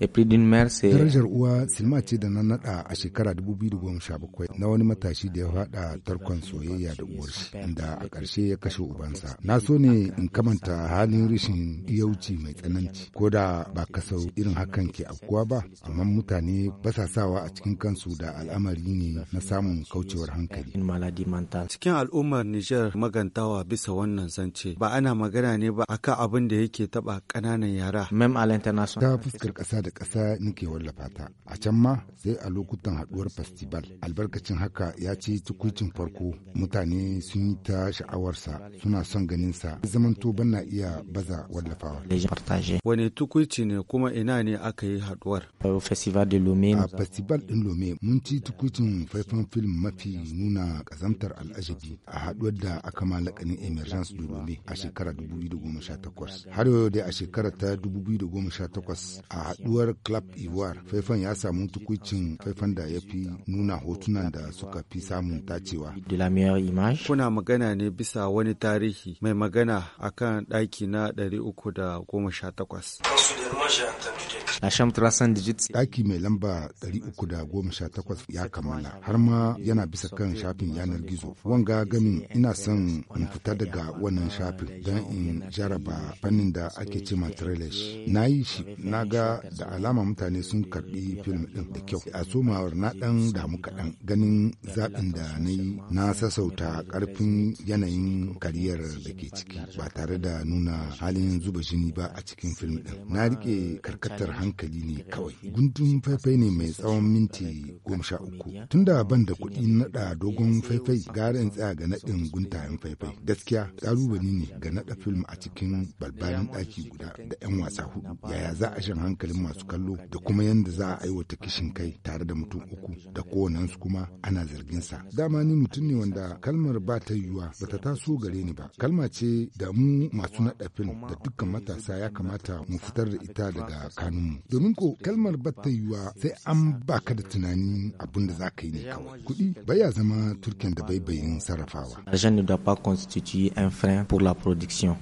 Eh, Darajar uwa silma ce da na nada a shekara 2017 na wani matashi da ya faɗa tarkon soyayya da uwar shi inda a karshe ya kashe ubansa. Na so ne in kamanta halin rashin yauci mai tsananci ko da ba kasau irin hakan ke afkuwa ba amma mutane ba sa sawa a cikin kansu da al'amari ne na samun kaucewar hankali. Cikin al'ummar Nijar magantawa bisa wannan zance ba ana magana ne ba akan abin da yake taba ƙananan yara. Mem ta fuskar ƙasa da ƙasa nake wallafa ta. A can ma sai a lokutan haɗuwar festival. Albarkacin haka ya ce tukwicin farko mutane sun yi ta sha'awarsa suna son ganin ganinsa. Zamanto ban na iya baza wallafawa. Wani tukwici ne kuma ina ne aka yi haɗuwar? A festival ɗin Lome mun ci tukucin faifan film mafi nuna ƙazantar al'ajabi a haɗuwar da aka malakanin emergence lome a shekarar 2018. Har yau dai a shekarar ta 2018 a haɗuwar haduwar club ivoire faifan ya samu tukucin faifan da ya fi nuna hotunan da suka fi samun tacewa kuna magana ne bisa wani tarihi mai magana akan ɗaki na 318 ɗaki mai lamba 318 ya kammala har ma yana bisa kan shafin yanar gizo wanga gamin ina son in fita daga wannan shafin don in jaraba fannin da ake cima matrelesh na yi shi na ga da alama mutane sun karbi film ɗin da kyau a somawar na ɗan damu kaɗan ganin zaɓin da na yi na sassauta ƙarfin yanayin kariyar da ke ciki ba tare da nuna halin zuba jini ba a cikin film ɗin na riƙe karkatar hankali ne kawai gundun faifai ne mai tsawon minti goma sha uku da ban da kuɗi naɗa dogon faifai gara in tsaya ga naɗin guntayen faifai gaskiya ƙalubale ne ga naɗa film a cikin balbalin ɗaki guda da 'yan wasa hudu yaya za a shan hankalin masu masu kallo da kuma yadda za a aiwata kishin kai tare da mutum uku da kowanansu kuma ana zargin sa dama ni mutum ne wanda kalmar ba ta yiwuwa ba ta taso gare ni ba kalma ce da mu masu naɗa fim da dukkan matasa ya kamata mu fitar da ita daga mu. domin ko kalmar ba ta yiwuwa sai an ba ka da tunanin abin da za ka yi ne kawai kuɗi baya zama turken da baibayin sarrafawa. L'argent ne doit pas constituer un frein pour la production.